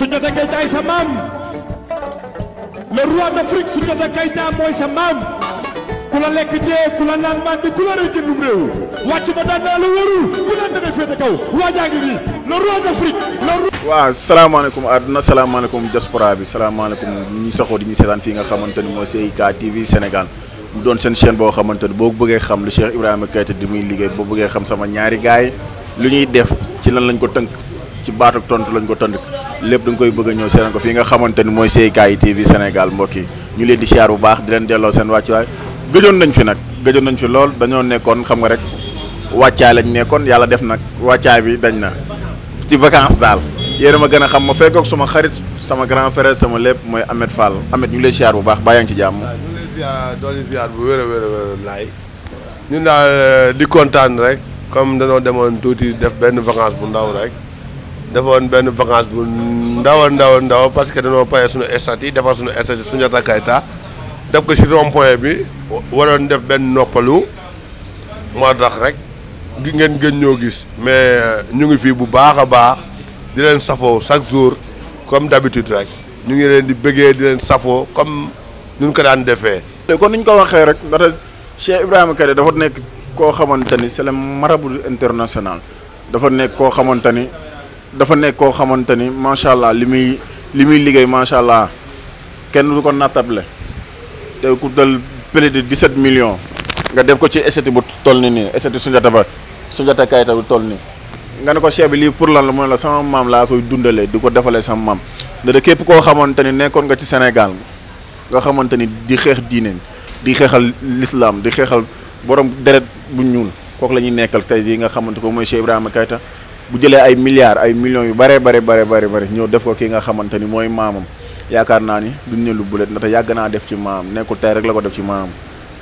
Soundiata Keita ay sa maam le roi d'Afrique Soundiata Keita mooy sa maam ku la lekk dee ku la naan maan ku la rëy jëndum réew wàcc ba daan naa la wóorul ku la demee féete kaw bi salaamaaleykum ñi saxoo di ñu seetaan fii nga xamante ni mooy CIK TV Sénégal. mu doon seen chaîne boo xamante ni boo bëggee xam lu Cheikh Ibrahima Keita di muy liggéey boo bëggee xam sama ñaari gaay lu ñuy def ci lan lañ ko tënk. ci baatu tontu lañ ko tënk lépp da koy bëgg a ñëw seen ko fii nga xamante ni mooy CKI TV Sénégal mbokk yi ñu leen di siyaar bu baax di leen delloo seen wàccuwaay gëjoon nañ fi nag gëjoon nañ fi lool dañoo nekkoon xam nga rek wàccaay lañ nekkoon yàlla def nag wàccaay bi dañ na ci vacances daal yéen a ma gën a xam ma fekkoog suma xarit sama grand frère sama lépp mooy Ahmed Fall Ahmed ñu ngi lay siyaar bu baax bàyyi nga ci jàmm. waaw ñu ngi lay siyaar a wér a laay ñun kontaan rek comme danoo demoon tuuti def benn vacance bu ndaw rek defoon ben vacance bu ndaw ndaw ndaw parce que dañu paye suñu stade yi defar suñu stade suñu attaquant def ko ci rond point bi waron def ben noppalu mo tax rek gi ngeen gën ñoo gis mais euh, ñu ngi fi bu baaxa baax di leen safo chaque jour comme d'habitude rek ñu ngi leen di bëggé di leen safo comme ñun ko daan té comme niñ ko waxé rek ndaxte Cheikh Ibrahima Kade dafa nek ko xamanteni c'est le marabout international dafa nek ko xamanteni dafa nekk koo xamante ni macha allah li muy li muy liggéey macha allah kenn du ko nattable te ku dal près de 17 million nga def ko ci eseti bu toll ni nii eseti Soundiata Ba Soundiata Keita bu toll nii nga ne ko chef lii pour lan la mooy la sama maam laa koy dundalee di ko defalee sama maam da képp koo xamante ni nekkoon nga ci Sénégal nga xamante ni di xeex diineen di xeexal lislaam di xeexal borom deret bu ñuul kooku la ñuy nekkal tey jii nga xamante ko mooy Cheikh Ibrahima Keita bu jëlé ay milliards ay millions yu bare bare bare bare bare ñoo def ko ki nga xamanteni moy mamam yaakar na ni du ñëlu lu bulet ndax ya naa def ci mam nekkul tay rek la ko def ci mam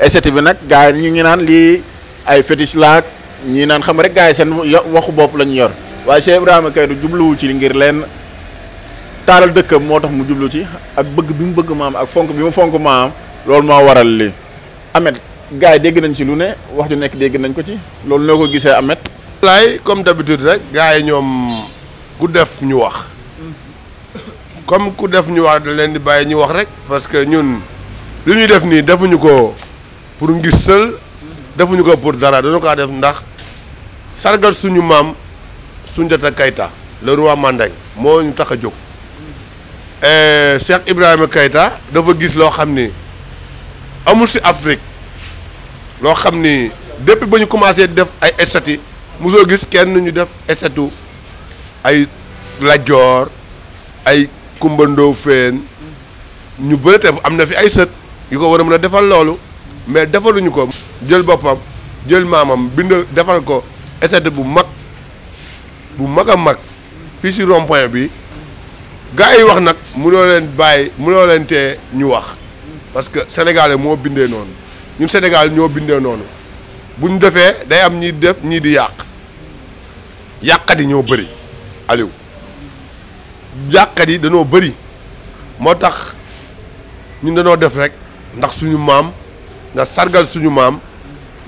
SCT bi nak gaay ñi ngi naan li ay fetish la ñi naan xam rek gaay sen waxu bop lañ yor waaye Cheikh ibrahim Kay du jubluwu ci ngir len taral dekk moo mu jublu ci ak bëgg bi mu bëgg mam ak fonk bi mu fonk mam lool mo waral li Amet gaay yi nañ ci lu ne wax ju nek dégg nañ ko ci lool noko gisee Amet laay comme d'habitude rek gars yi ñoom ku def ñu wax comme ku def ñu wax leen di bàyyi ñuy wax rek parce que ñun lu ñuy def nii defuñu ko pour ngir sël defuñu ko pour dara dañu kaa def ndax sargal suñu maam Soundiata Keita le roi Mandeng moo ñu tax a jóg eh, Cheikh Ibrahima Keita dafa gis loo xam ni amul si Afrique loo xam ni depuis ba ñu commencé def ay estati mosoo gis kenn ñu def esetu ay Lajoor ay Kumba Ndoofeen ñu bëri te am na fi ay sët yi ko war a mën a defal loolu mais defaluñu ko jël boppam jël maamam bindal defal ko esetu bu mag bu mag a mag fii si rond bi gars yi wax nag mënoo leen bàyyi mënoo leen tee ñu wax parce que sénégalais moo bindee noonu ñun senegal ñoo bindee noonu bu ñu defee day am ñi def ñii di yàq yàqat yi ñoo bëri Aliou yàqat yi danoo bëri moo tax ñun danoo def rek ndax suñu maam ndax sargal suñu maam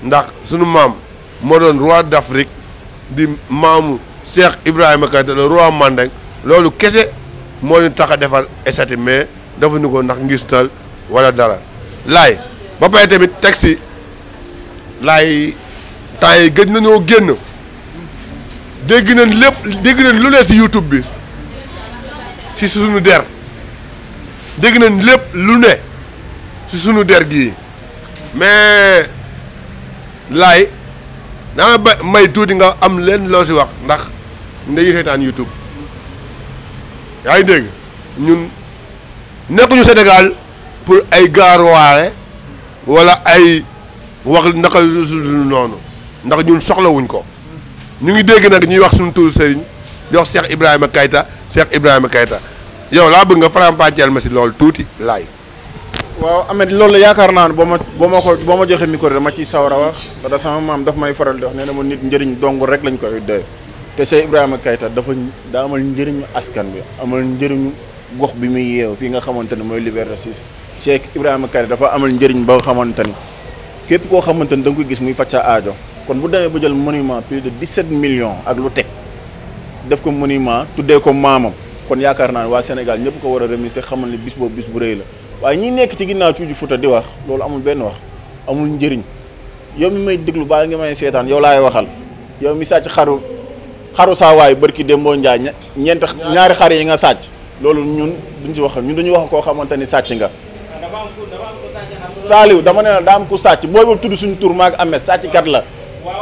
ndax suñu maam moo doon roi d'Afrique di maamu Cheikh Ibrahima Keita le roi Mandeng loolu kese moo ñu tax a defar esati mais defuñu ko ndax ngistal wala dara laay ba pare tamit taxi laay temps yi gëj nañoo génn dégg nañ lépp dégg nañ lu ne ci YouTube bi ci suñu der dégg nañ lépp lu ne ci sunu der gii mais lay naa ba may tuuti nga am leen loo si wax ndax ndeyu seetaan YouTube yaa ngi dégg ñun nekkuñu senegal pour ay gaaruwaale walla ay wax naka noonu ndax ñun soxlawuñ ko. ñu ngi dégg nag ñuy wax suñu tuur sëriñ di wax cheikh ibrahima kayta cheikh ibrahima kayta yow laa bëgg nga faram pàcceel ma si loolu tuuti laay waaw amed loolu yaakaar naa bo ma bo ma ko ma joxe micro dama ciy sawar wax da sama maam daf may faral di wax nee na ma nit njëriñ dong rek lañ koy doy te cheikh ibrahima kayta dafa da amal njëriñu askan bi amal njëriñu gox bi muy yeew fi nga xamante ne mooy liberté six cheikh ibrahima kayta dafa amal njëriñ ba nga xamante ni képp koo xamante ni da nga koy gis muy aajo kon bu demee ba jël monument plus de 17 millions ak lu teg def ko monument tuddee ko maamam kon yaakaar naa ne khaman Sénégal ñëpp ko xamal bis boobu bis bu rëy la waaye ñi nekk ci ginnaaw Cuuju Fuuta di wax loolu amul benn wax amul njëriñ yow mi may déglu baa nga may seetaan yow laay waxal yow mi sàcc xaru xaru saawaay bërki Dembo Ndiaye ñeent ñaari xar yi nga sàcc loolu ñun duñ ci wax ñun dañu wax koo xamante ni sàcc nga Saaliw dama ne la daa ku sàcc booy boobu tudd suñu la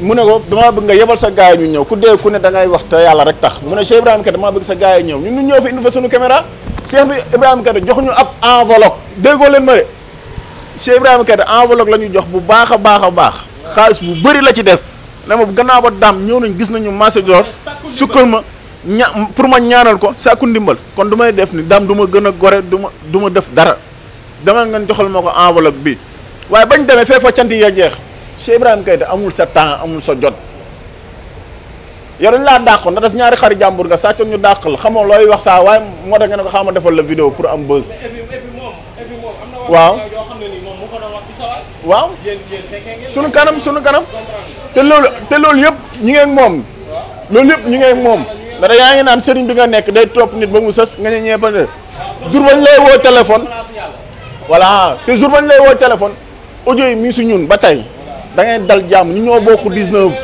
mu ne ko damaa bëgg nga yebal sa gaay ñu ñëw ku dee ku ne da ngay wax te yàlla rek tax mu ne Cheikh Ibrahima Keita damaa bëgg sa gaay ñëw ñun ñu ñëw fi indi fa sunu caméra Cheikh bi Ibrahima Keita jox ñu ab enveloppe déggoo leen ma de Cheikh Ibrahima Keita enveloppe la ñu jox bu baax a baax a baax xaalis bu bëri la ci def ne ma gannaaw ba daam ñëw nañ gis nañu marché d'or sukkal ma ña pour ma ñaanal ko sàkku ndimbal kon du may def ni daam du ma gën a gore du ma du def dara dama ngeen joxal ma ko enveloppe bi waaye bañ demee fee fa jeex Cheikh Ibrahima Keita amul sa temps amul sa jot yow dañ laa dàqoon ndax def ñaari xari jàmbur nga sàccoon ñu dàq la xamoo looy wax saa waaye moo tax nga ne ko xaama defal la vidéo pour am buzz. kanam sunu kanam te loolu te loolu yëpp ñi ngeen moom loolu yëpp ñi ngeen moom ndax yaa ngi naan sëriñ bi nga nekk day topp nit ba mu sës nga ñëw ñëpp jour bañ lay woo téléphone voilà te jour bañ lay woo téléphone audio yi mi si ñun ba tey da ngay dal jam ñu ñoo bokku 19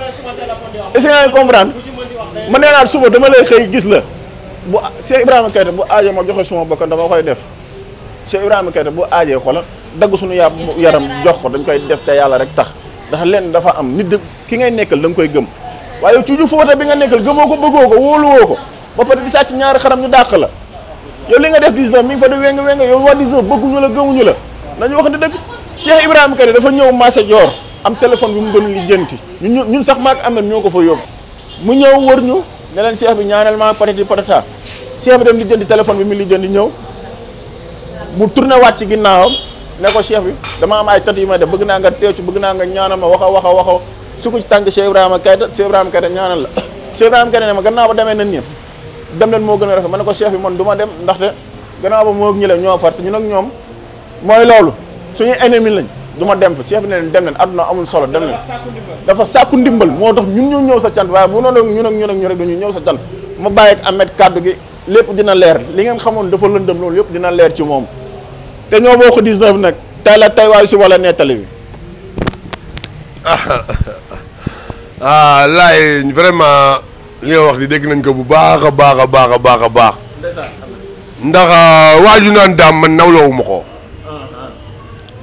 est ce que comprendre man nee naa suba dama lay xey gis la bu Cheikh Ibrahima kayta bu aajee ma joxe suma bokk dama koy def Cheikh Ibrahima kayta bu ko la dagg suñu yaram jox ko dañ koy def te yalla rek tax ndax len dafa am nit ki ngay nekkal dang koy gëm waye waaye cuuju foota bi nga nekkal gëmoko bëggoko wolu woko ba pare di sacc ñaari xaram ñu dakk la yow li nga def 19 mi fa di weng weng yow wa 19 bëggu ñu la gëmu ñu la nañu wax ni deug Cheikh Ibrahima kayta dafa ñew massa jor am téléphone bi mu doon lijjanti ñun ñun sax maag am na ñoo ko fa yóbbu. mu ñëw wër ñu ne seex bi ñaanal ma patati patata chef bi dem lijjanti téléphone bi mu lijjanti ñëw mu tourné waat ci ginnaawam ne ko chef bi dama am ay tat yi ma def bëgg naa nga teew bëgg naa nga ñaanal ma wax a wax a wax a su ko ci tànk Cheikh Ibrahima Keita Cheikh Ibrahima Keita ñaanal la Cheikh Ibrahima Keita ne ma gannaaw ba demee na ñëpp dem leen moo gën a rafet ma ne ko chef bi man du dem ndaxte gannaaw ba moo ak ñoo far ñun ak ñoom mooy loolu suñuy ennemi lañ. du ma dem fa cheikh bi ne leen dem leen adduna amul solo dem leen dafa sàkku ndimbal moo tax ñun ñu ñëw sa cant waaye bu noonu ñun ak ñun ak ñu rek dañu ñëw sa cant ma bàyyi ak kàddu gi lépp dina leer li ngeen xamoon dafa lëndëm loolu yëpp dina leer ci moom te ñoo boo ko 19 nag tey la tey waaye suba la nettali bi ah vraiment wax di dégg nañ ko bu baax a baax a baax a baax a baax ndax ah, waaju naan daam man nawloowu ko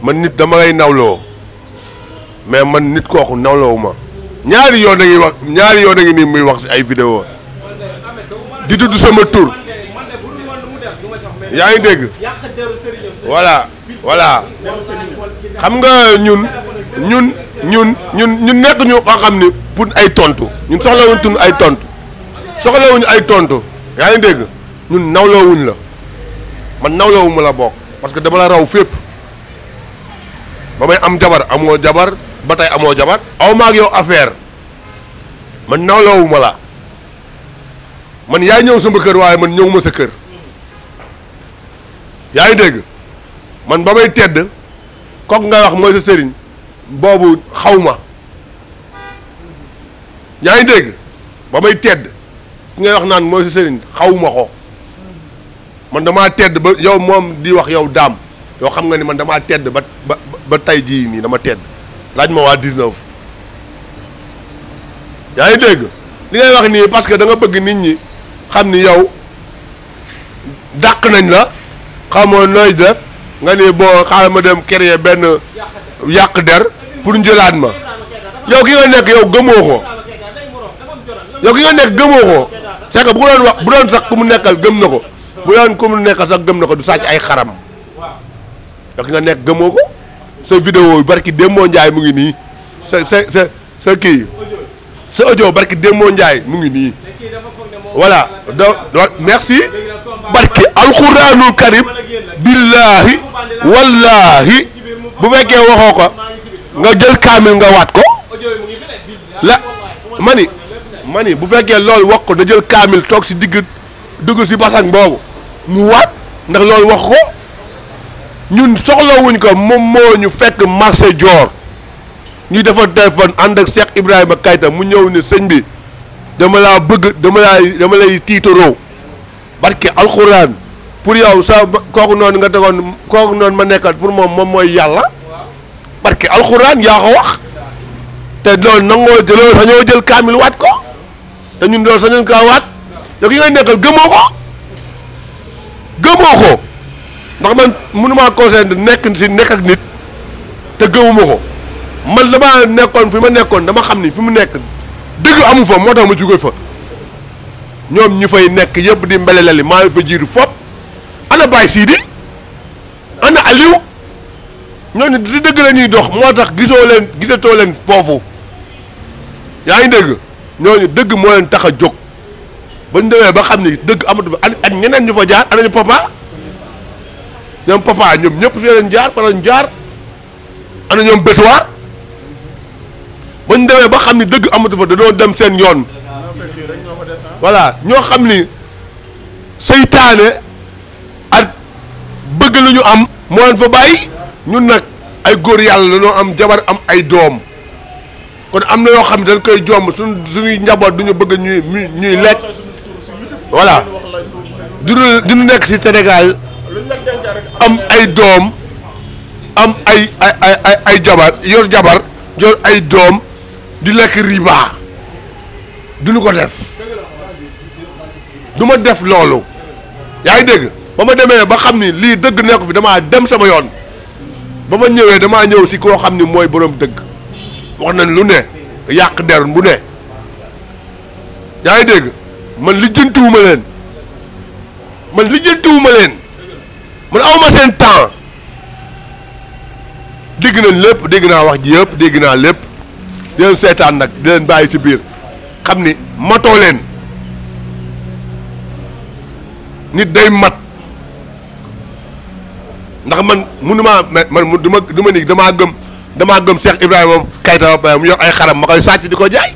man nit dama lay nawlo mais man nit kooku nawlo ma ñaari yo da ngay wax ñaari yo da ngay ni muy wax ay vidéo di tuddu sama tour yaa ngi dégg voilà voilà xam nga ñun ñun ñun ñun ñun nekk ñu nga xam ni pour ay tontu ñun soxlawuñ tun ay tontu soxlawuñ ay tontu yaa ngi dégg ñun nawlawuñ la man wuma la bok parce que dama la raw fépp ba may am jabar amoo jabar ba tey amoo jabar aw maag yow affaire man nawlawuma la man yaay ñëw sama kër waaye man ñëwuma sa kër yaa ngi dégg man ba may tedd kooku ngay wax mooy sa sëriñ boobu xaw ma yaa ngi dégg ba may tedd ki ngay wax naan mooy sa sëriñ xaw ma ko man dama tedd ba yow moom di wax yow daam yow xam nga ni man damaa tedd ba ba ba tey jii nii dama tedd laaj ma waa 19 yaa ngi dégg li ngay wax nii parce que da bëgg nit ñi xam ni yow dàq nañ la xamoon nooy def nga ni boo xaaral ma dem créer benn yàq der pour njëlaat ma yow ki nga nekk yow gëmoo ko yow ki nga nekk gëmoo ko c'est que doon wax bu doon sax ku mu nekkal gëm na ko bu doon ku mu nekkal sax gëm na ko du sàcc ay xaram yow ki nga nekk gëmoo ko. sa vidéo yi barki Demba Ndiaye mu ngi nii sa sa sa sa kii sa audio barki Demba Ndiaye mu ngi nii voilà donc merci barki alxuraanul karim billaahi wallaahi bu fekkee waxoo ko nga jël kaamil nga waat ko la mani mani bu fekkee lool wax ko da jël kaamil toog si digg dugg si basang boobu mu waat ndax loolu wax ko ñun soxlawuñ ko moom moo ñu fekk marché Dior ñu defar téléphone ànd ak Cheikh Ibrahima Kayta mu ñëw ni sëñ bi dama laa bëgg dama laa dama lay tiitaroo barke alxuraan pour yow sa kooku noonu nga tegoon kooku noonu ma nekkal pour moom moom mooy yàlla barke alxuraan yaa ko wax te loolu nangoo loolu sañoo jël kaamil waat ko te ñun loolu sañoon kaa waat yow ki nga nekkal gëmoo ko gëmoo ko ndax man mënumaa conseillé nekk si nekk ak nit te gëmuma ko man damaa nekkoon fi ma nekkoon dama xam ni fi mu nekk dëgg amu fa moo tax ma jóge fa ñoom ñi fay nekk yëpp di mbelelali maa ngi fa jiitu fop ana Baye Sidi ana Aliou di dëgg la ñuy dox moo tax gisoo leen gisatoo leen foofu yaa ngi dëgg ñooñu dëgg moo leen tax a jóg ba ñu demee ba xam ni dëgg amatu fa ak ñeneen ñu fa jaar ana ñu papa ñoom papa ñoom ñëpp fi leen jaar fa lañ jaar ana ñoom bétuwaar ba ñu demee ba xam ni dëgg amatu fa dañoo dem seen yoon voilà ñoo xam ni seytaane ak bëgg lu ñu am moo leen fa bàyyi ñun nag ay góor yàlla dañoo am jabar am ay doom kon am na yoo xam ne dañ koy jomb suñ suñuy njaboot du ñu bëgg ñuy ñuy lekk voilà du ñu nekk ci Sénégal am ay doom am ay ay ay ay jabar yor jabar yor ay doom di lekk riba duñu ko def du ma def loolu yaa ngi dégg ba ma demee ba xam ni lii dëgg nekku fi damaa dem sama yoon ba ma ñëwee damaa ñëw ci koo xam ni mooy boroom dëgg wax nañ lu ne yàq der bu ne yaa ngi dégg man lijjantiwuma leen man lijjantiwuma leen man awma seen temps dégg nañ lépp dégg naa wax ji yépp dégg naa lépp di leen seetaan nag di leen bàyyi ci biir xam ni matoo leen nit day mat ndax man munumaa man du ma du ma ni damaa gëm damaa gëm Cheikh Ibrahima Keita ba mu yor ay xaram ma koy sàcc di ko jaay.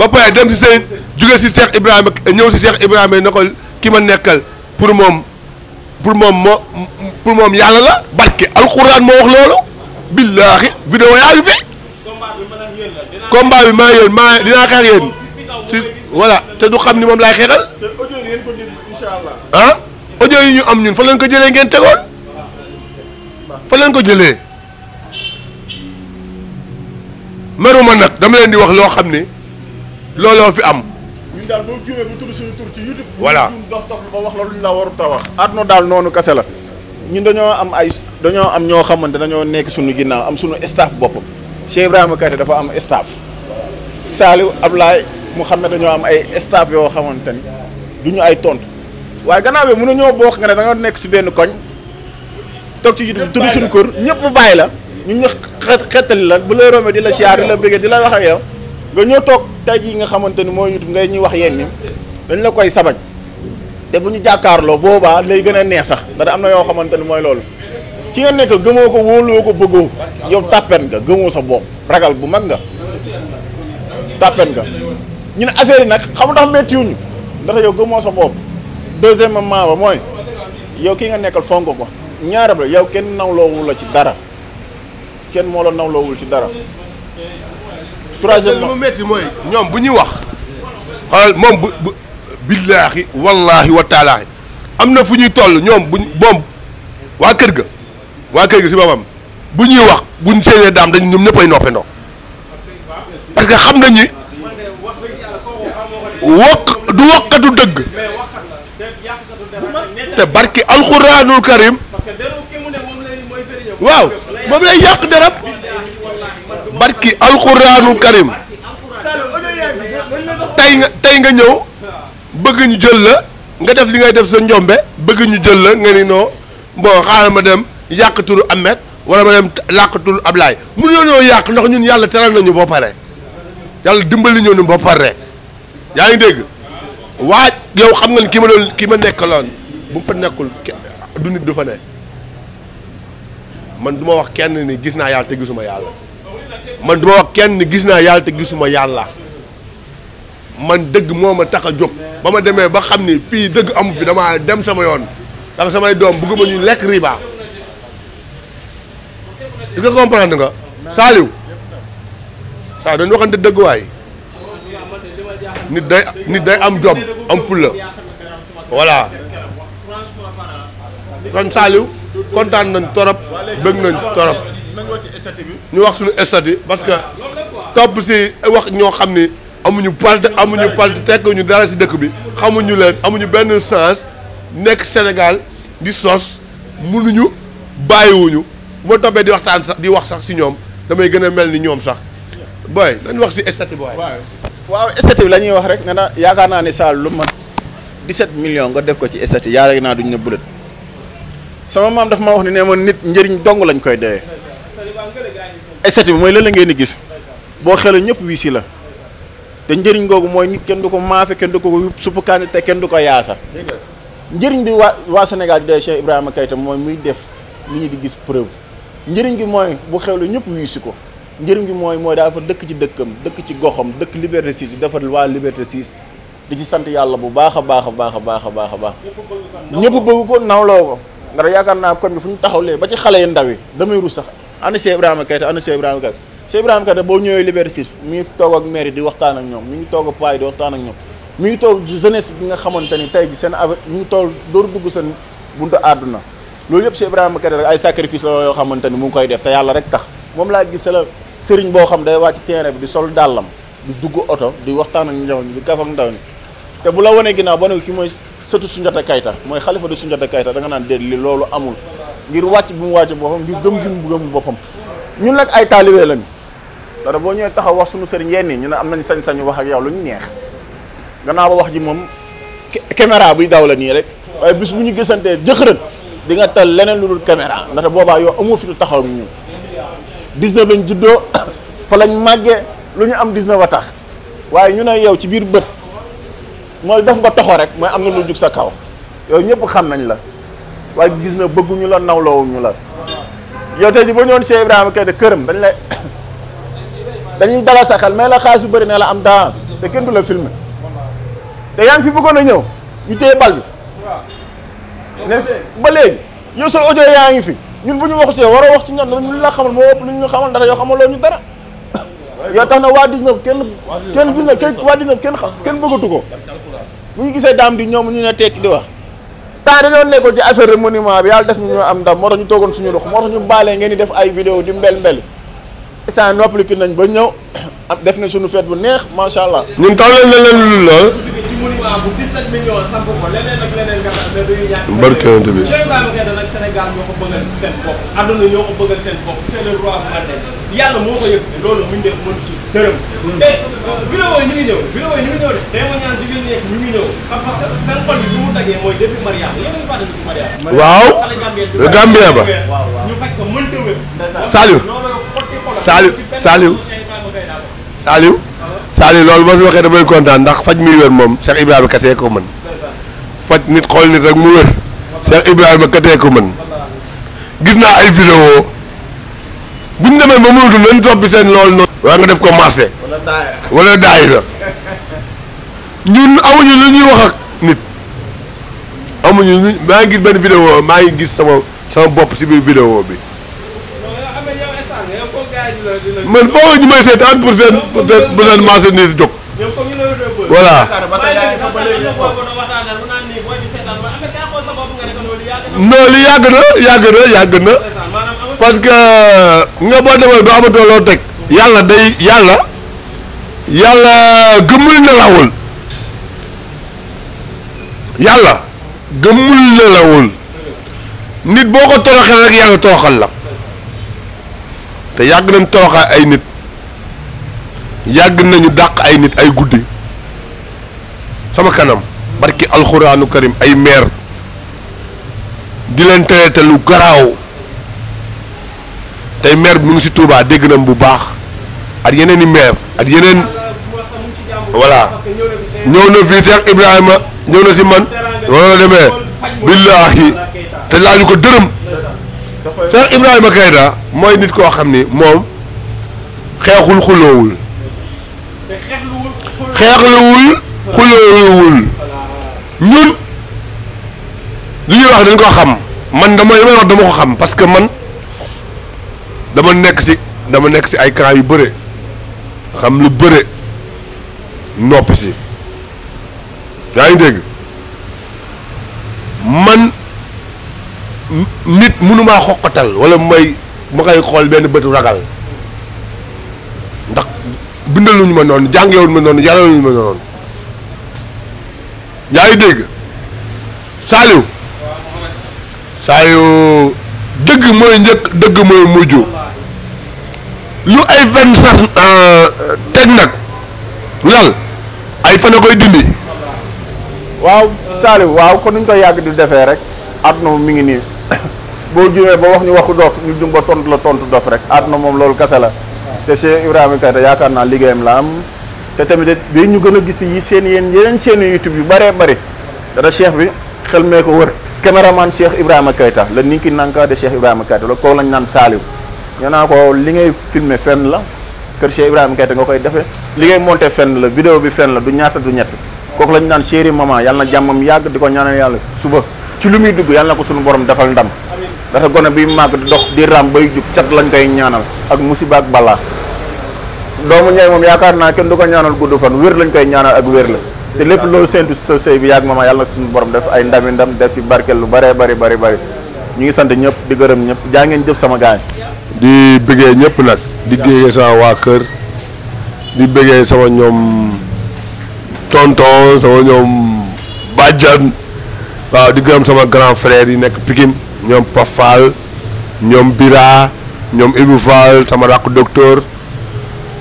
ba pare dem si seen jóge si Cheikh Ibrahima ñëw si Cheikh Ibrahima ne ko ki ma nekkal pour moom. pour moom moo pour moom yàlla la barke alxuraan moo wax loolu billaahi vidéo yaa ngi fi combat bi maa yéen maa dinaa xeex yéen si voilà te du xam ni moom laay xeexal ah audio yi ñu am ñun fa leen ko jëlee ngeen tegoon fa leen ko jëlee meruma nag dama leen di wax loo xam ni looloo fi am ñun daal boo juumee bu tudd suñu tur ci YouTube. voilà wax la lu ñu la a wax. àdduna daal noonu kase la ñun dañoo am ay dañoo am ñoo xamante dañoo nekk suñu ginnaaw am suñu staff boppam Cheikh Ibrahima Kate dafa am staff Saliou Ablaye Mouhamed dañoo am ay staff yoo xamante ni duñu ay tontu waaye gannaaw bi mënuñoo bokk nga ne da nekk si benn koñ toog ci YouTube tudd suñu kër ñëpp bàyyi la ñun ñu xettali la bu la romee di la siyaar di la bëggee di la wax ak yow. nga ñoo toog tey jii nga xamante ni mooy ngay ñuy wax yenn dañ la koy sabañ te bu ñu jàkkaarloo boobaa lay gën a neex sax ndax am na yoo xamante ni mooy loolu ki nga nekk gëmoo ko wóoloo ko bëggoo yow tàppen nga gëmoo sa bopp ragal bu mag nga tàppen nga ñu ne affaire yi nag xam ndax méttiwuñu ndax yow gëmoo sa bopp deuxièmement ba mooy yow ki nga nekkal fonk ko ñaarab la yow kenn nawloowul la ci dara kenn moo la nawloowul ci dara troisième li mu métti mooy ñoom bu ñuy wax xoolal moom bu bu billaahi wallaahi wa am na fu ñuy toll ñoom buñ moom waa kër ga waa kër gi si boppam bu ñuy wax buñ séenee daam dañ ñoom ñëpp ay parce que xam na ñi wokk du wokkatu dëgg te barki alxuraanul karim waaw moom lay yàq derab barki alxuraanul karim tey nga tey nga ñëw bëgg ñu jël la nga def li ngay def sa njombe bëgg ñu jël la nga ni noo bon xaaral ma dem yàq turu Ahmed wala ma dem làq turu Ablaye mu ñoo ñoo yàq ndox ñun yàlla teral nañu boo pare yàlla dimbali ñëw ñu boo pare yaa ngi dégg waaj yow xam nga ni ki ma doon ki ma nekk nekkaloon bu fa nekkul du nit du fa ne man du ma wax kenn ni gis naa yàlla te gisuma yàlla man duma wax kenn gis naa yàlla te gisuma yàlla man dëgg moo ma tax a jóg ba ma demee ba xam ni fii dëgg amu fi damaa dem sama yoon ndax samay doom bëgguma ñu lekk riba est-ce que nga saaliw saa dañu waxante dëgg waay nit day nit day am jom am fulla voilà kon saaliw kontaan nañ torop bëgg nañ torop ñu wax suñu statut parce que topp si wax ñoo xam ni amuñu palte amuñu palte tekk ñu dara si dëkk bi xamuñu leen amuñu benn sens nekk Sénégal di sos mënuñu bàyyiwuñu bu ma toppee di waxtaan sax di wax sax si ñoom damay gën a mel ni ñoom sax booy dañu wax si statut bi waaye waaw statut bi la ñuy wax rek ne na yaakaar naa ne saa lu mat 17 million nga def ko ci statut yaakaar naa duñ ne bëlët sama maam daf ma wax ne nee ma nit njëriñ dong lañ koy dee estati bi mooy lan la ngeen di gis boo xelal ñëpp wii si la te njëriñ googu mooy nit kenn du ko maafe kenn du ko suppukaani te kenn du ko yaasa njëriñ bi waa waa Sénégal di Cheikh Ibrahima Keita mooy muy def nit ñi di gis preuve njëriñ gi mooy bu xewle ñëpp wuyu si ko njëriñ gi mooy mooy daal dafa dëkk ci dëkkam dëkk ci goxam dëkk Liberté 6 bi defar waa Liberté 6 di ci sant yàlla bu baax a baax a baax a baax a baax a baax ñëpp bëgg ko nawloo ko ndax yaakaar naa kon fu ñu taxawlee ba ci xale yi ndaw yi damay rus sax ana Cheikh Ibrahima Keita ana Cheikh Ibrahima Keita Cheikh Ibrahima boo ñëwee Liberté 6 mi ngi toog ak maire di waxtaan ak ñoom mi ngi toog ak paa yi di waxtaan ak ñoom mi ngi toog jeunesse bi nga xamante ni tey ji seen ave mi ngi toog door dugg seen buntu àdduna loolu yëpp Cheikh Ibrahima Keita rek ay sacrifice la yoo xamante ni mu ngi koy def te yàlla rek tax moom laa gis la sëriñ boo xam day wàcc terrain bi di sol dàllam di dugg oto di waxtaan ak ndaw ñi di kaf ak ndaw ñi te bu la wanee ginnaaw ba ne ki mooy sëtu Soundiata Keita mooy xalifa di Soundiata Keita da nga naan déet li loolu amul ngir wàcc bi mu wàcc boppam ngir gëm gi mu gëm boppam ñun nag ay taalibe lañu dara boo ñëwee taxaw wax suñu sëriñ yenn ñu ne am nañu sañ-sañu wax ak yow lu ñu neex gannaaw ba wax ji moom caméra buy daw la nii rek waaye bis bu ñu gisantee jëxërët di nga tal leneen lu dul caméra ndaxte boobaa yow amoo fi lu taxaw ñu ñun 19 lañ juddoo fa lañ màggee lu ñu am 19 a tax waaye ñu ne yow ci biir bët mooy def nga toxo rek mooy am na lu jug sa kaw yow ñëpp xam nañ la waaye gis na bëgguñu la nawloowuñu la yow tey ji boo ñëwoon Cheikh Ibrahima Keita këram dañ lay dañuy dala sa xel mais la xaalis bu bëri la am temps te kenn du la filmé te yaa fi bëggoon a ñëw ñu téye bal bi ne ba léegi yow sa audio yaa ngi fi ñun bu ñu waxu ci war wax ci ñu la xamal moo ëpp ñu xamal dara yoo xamaloo ñu dara yo tax na waa 19 kenn kenn gis na kenn waa 19 kenn kenn bëggatu ko bu ñu gisee di ñoom ñu ne tekki di wax temps dañoo nekkoon ci affaire monument bi yàlla def ñu am ndam moo tax ñu toogoon suñu ruq moo tax ñu baalee ngeen di def ay vidéo di mbel mbel instant noppaliku nañ ba ñëw def nañ suñu feet bu neex macha allah. ñun taw lañ leen lool. slogan bu 17 millions samp ko leneen de témoignage yi nekk ñu a ngi waaw euh, Gambia ba ñu faj ko Saliou Saliou loolu moo fi waxee damay kontaan ndax faj mi wér moom Cheikh Ibrahima Kassé ko mën faj nit xool nit rek mu wér Cheikh Ibrahima Kassé ko mën gis naa ay vidéo bu ñu demee ba mënatul nañ toppi seen loolu noonu. waa nga def ko marché. wala daay wala ñun amuñu lu ñuy wax ak nit amuñu maa ngi gis benn vidéo maa ngi gis sama sama bopp ci biir vidéo bi. man foofu ñu may seetaan pour seen pour seen marchandise jóg. voilà. non li yàgg na yàgg na yàgg na parce que nga boo demee ba amatoo teg. yàlla day yàlla yàlla gëmul nelawul yàlla gëmul nelawul nit boo ko toroxee rek yàlla toroxal la. te yàgg nañ toroxaay ay nit yàgg nañu dàq ay nit ay guddi sama kanam barki alxuraanu karim ay meer di leen traité lu garaw tey meer bi mu ngi si Touba dégg nam bu baax ak yeneen i meer ak yeneen voilà ñëw na fii Cheikh Ibrahima ñëw na si man wala demee billaahi te laaju ko dërëm Cheikh Ibrahima Keita mooy nit koo xam ni moom xeexul xuloowul xeexluwul xuloowul ñun li ñuy wax dañ ko xam man dama li dama ko xam parce que man dama nekk ci dama nekk ci ay cas yu bëre xam lu bëre noppi si yaa ngi dégg man nit munuma xoqatal wala may ma xol ben beut ragal ndax bindaluñu ma non jàngeewul ma non yaraluñu ma non yaay deg dégg sayu deug moy ñeuk deug moy muju lu ay 27 euh teg nak lal ay fa nakoy dindi waaw saaliw waaw ko nuñ ko yag di defé rek àdduna mi ngi ni bo jumee ba wax ñu waxu dof ñu jum ba tontu la tontu dof rek àdduna mom lool kassa la te Cheikh Ibrahima Keita yaakaar naa liggéeyam la am te tamit bi ñu gëna gis yi seen yeen yeen seen youtube yu bare bare dara cheikh bi xel mee ko wër cameraman cheikh ibrahima keita la ninki nanka de cheikh ibrahim keita la ko lañ nane salim ñu ko li ngay filmer fenn la keur cheikh ibrahima keita nga koy defee li ngay monter fenn la vidéo bi fenn la du ñaata du ñett kooku lañ nane cheikh mama yalla jammam yag diko ñaanal yalla suba ci lu muy dugg yalla ko suñu borom defal ndam dafa gona bi mag dox di ram bay juk cat lañ koy ñaanal ak musiba ak bala doomu ñay mom yaakar na kenn duko ñaanal guddu fan wër lañ koy ñaanal ak wër la te lepp lo sentu sa bi yaak mama yalla suñu borom def ay ndam ndam def ci barkel lu bare bare bare bare ñu ngi sant ñëpp di gëreem ñëpp ja ngeen jëf sama gaay di bëggee ñëpp nak di ya. gëyé sa wa kër di bëggee sama ñom tonton sama ñom bàjjan waaw ah, di gëreem sama grand frère yi nek Pikine nyom Pafal nyom Bira nyom ibu fal sama rakk docteur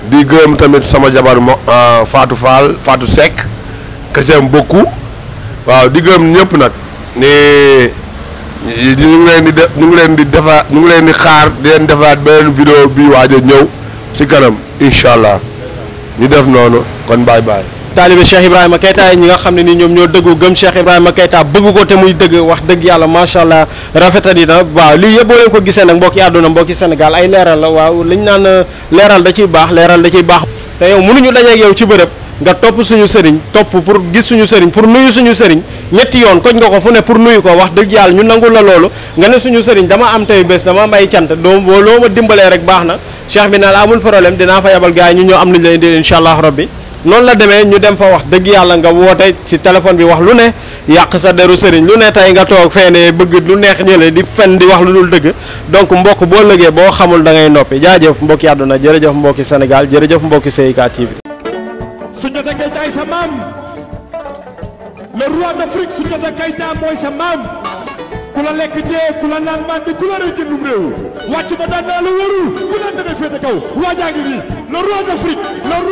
di gërëm tamit sama jabar mo euh, Fatou fatu Fatou fatu sek ci am bokku waaw di gërëm ñëpp nak ne ñu ngi leen di ñu ngi leen di defa ñu ngi leen di xaar di leen defaat beneen vidéo bi waaj a ci kanam incha allah ñu def kon bye bye taalibe Cheikh Ibrahima Keita yi ñi nga xam ne ni ñoom ñoo dëggu gëm Cheikh a Keita bëgg ko te muy dëgg wax dëgg yàlla macha allah rafetali na waaw lii yëpp boo leen ko gisee nag mbokki àdduna mbokki Sénégal ay leeral la waaw liñ naan euh, leeral da ciy baax leeral da ciy baax te yow mënuñu dajeeg yow ci bërëb nga topp suñu sëriñ topp pour gis suñu sëriñ pour nuyu suñu sëriñ ñetti yoon koñ nga ko fu ne pour nuyu ko wax dëgg yàlla ñu nangul la loolu nga ne suñu sëriñ dama am tey am ay cant doo loo ma dimbalee rek baax na cheikh bi naa la amul problème dinaa fa ñoo am nañu la indil incha allah rabbi noonu la demee ñu dem fa wax dëgg yàlla nga woote ci téléphone bi wax lu ne yàq sa deru sëriñ lu ne tey nga toog feene bëgg lu neex ñële di fen di wax lu dul dëgg donc mbokk boo lëgee boo xamul da ngay noppi jaajëf mbokki àdduna jërëjëf mbokki senegal jërëjëf mbokki CIK TV. Soundiata Keita ay sa maam le roi d'Afrique Soundiata Keita mooy sa maam ku la lekk dee ku la naan màndi ku la réew jëndum réew wàcc ma daan naa